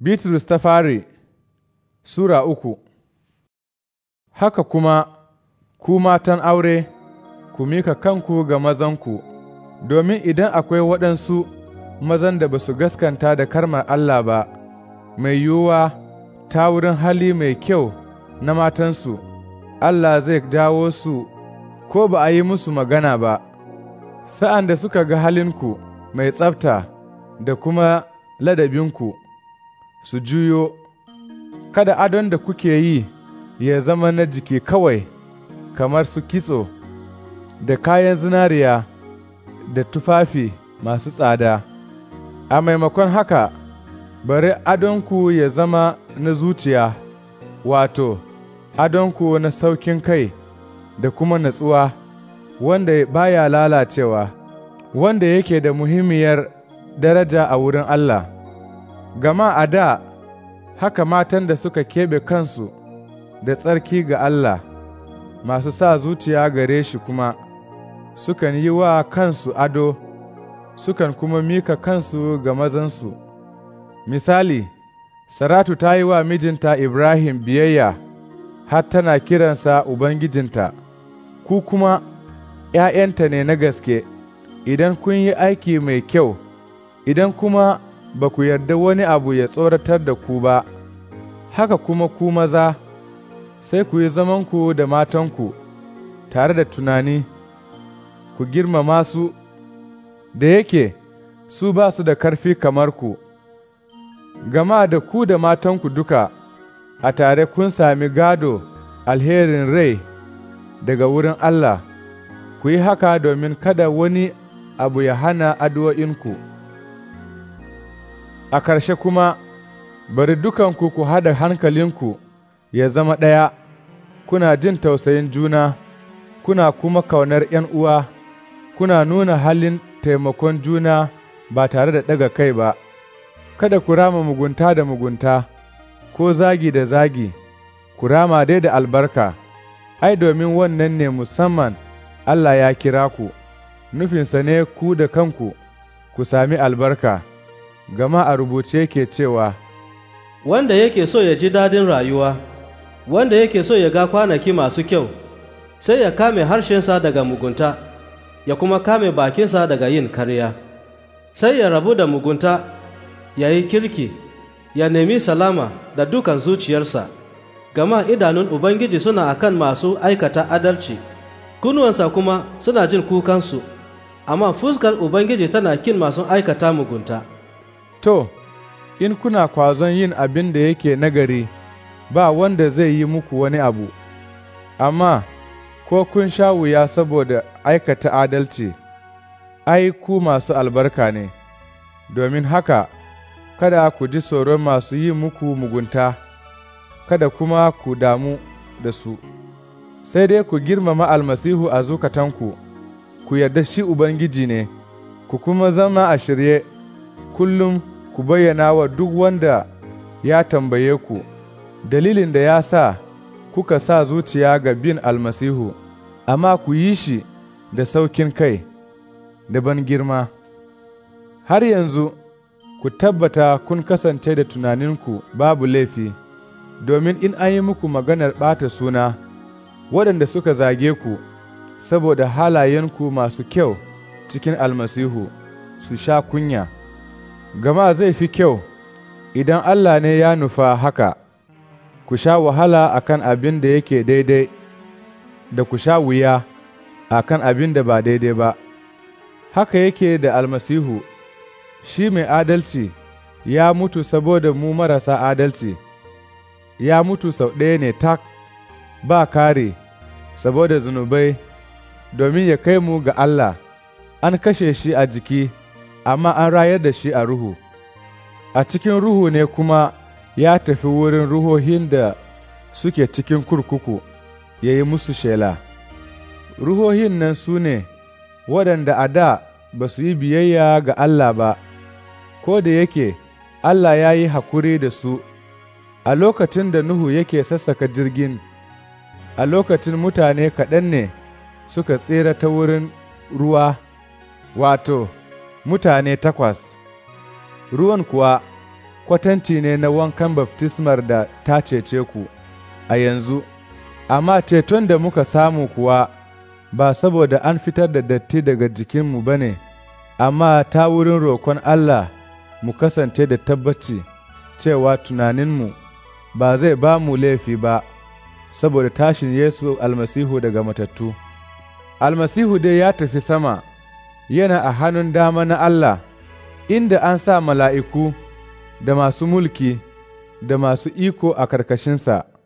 Bitrus ta fari Sura uku Haka kuma, ku matan aure, ku mika kanku ga mazanku, domin idan akwai waɗansu mazan da ba su gaskanta da karmar Allah ba, mai yiwuwa ta wurin hali mai kyau na matansu, Allah zai dawo su ko ba a yi musu magana ba, sa'an da suka ga halinku mai tsafta da kuma ladabinku. su juyo, kada adon da kuke yi ya zama na jiki kawai, kamar su kitso, da kayan zinariya, da tufafi masu tsada, a maimakon haka, bari adonku ya zama na zuciya, wato, adonku na saukin kai da kuma natsuwa, wanda baya lalacewa, wanda yake da muhimmiyar daraja a wurin Allah. Gama a da haka matan da suka keɓe kansu da tsarki ga Allah, masu sa zuciya gare shi kuma, sukan yi wa kansu ado, sukan kuma mika kansu ga mazansu. Misali, Saratu ta yi wa mijinta Ibrahim biyayya har tana kiransa Ubangijinta, ku kuma ‘ya'yanta ne na gaske, idan kun yi aiki mai kyau, idan kuma ba ku yarda wani abu ya tsoratar da ku ba, haka kuma ku maza, sai ku yi zamanku da matanku tare da tunani, ku girmama su, da yake su ba su da ƙarfi kamar ku, gama da ku da matanku duka a tare kun sami gado alherin rai daga wurin Allah, ku yi haka domin kada wani abu ya hana addu'o'inku. a ƙarshe kuma bari dukanku ku haɗa hankalinku ya zama ɗaya, kuna jin tausayin juna, kuna kuma kaunar uwa, kuna nuna halin taimakon juna ba tare da ɗaga kai ba, kada ku rama mugunta da mugunta, ko zagi da zagi, ku rama dai da albarka, ai domin wannan ne musamman Allah ya kira ku, nufinsa ne ku da kanku, ku sami albarka. gama a rubuce yake cewa, Wanda yake so ya ji dadin rayuwa, wanda yake so ya ga kwanaki masu kyau, sai ya kame harshensa daga mugunta, ya kuma kame bakinsa daga yin karya, sai ya rabu da mugunta, ya yi kirki, ya nemi salama da dukan zuciyarsa, gama idanun Ubangiji suna akan masu aikata adalci, kunuwansa kuma suna jin kukansu, amma fuskar Ubangiji tana kin masu aikata mugunta. To, in kuna kwazon yin abin da yake nagari, ba wanda zai yi muku wani abu, amma ko kun sha wuya saboda aikata adalci, ai, ku masu albarka ne, domin haka kada ku ji tsoron masu yi muku mugunta, kada kuma ku damu da su, sai dai ku girmama almasihu a zukatanku, ku yarda shi Ubangiji ne, ku kuma zama a shirye. kullum ku bayyana wa duk wanda ya tambaye ku dalilin da ya sa kuka sa zuciya ga bin almasihu, amma ku yi shi da saukin kai, da ban girma. Har yanzu ku tabbata kun kasance da tunaninku babu laifi, domin in an yi muku maganar ɓata suna, waɗanda suka zage ku saboda halayenku masu kyau cikin almasihu su sha kunya. gama zai fi kyau idan Allah ne ya nufa haka, ku sha wahala a kan abin da yake daidai, da ku sha wuya a kan abin da ba daidai ba. Haka yake da almasihu, shi mai adalci ya mutu saboda mu marasa adalci, ya mutu sau ɗaya ne tak ba kare saboda zunubai, domin ya kai mu ga Allah, an kashe shi a jiki. amma an rayar da shi a ruhu, a cikin ruhu ne kuma ya tafi wurin ruhohin da suke cikin kurkuku ya yi musu shela. Ruhohin nan su ne waɗanda a da ba su yi biyayya ga Allah ba, ko da yake Allah ya yi haƙuri da su a lokacin da Nuhu yake sassaka jirgin, a lokacin mutane kaɗan ne suka tsira ta wurin ruwa, wato, mutane takwas, ruwan kuwa kwatanci ne na wankan baftismar da ta cece ku a yanzu, amma ceton da muka samu kuwa ba saboda an fitar da datti daga jikinmu ba ne, amma ta wurin roƙon Allah mu kasance da tabbaci cewa tunaninmu ba zai ba mu laifi ba saboda tashin Yesu almasihu daga matattu. Almasihu dai ya tafi sama. yana a hannun dama na Allah, inda an sa mala'iku da masu mulki da masu iko a ƙarƙashinsa.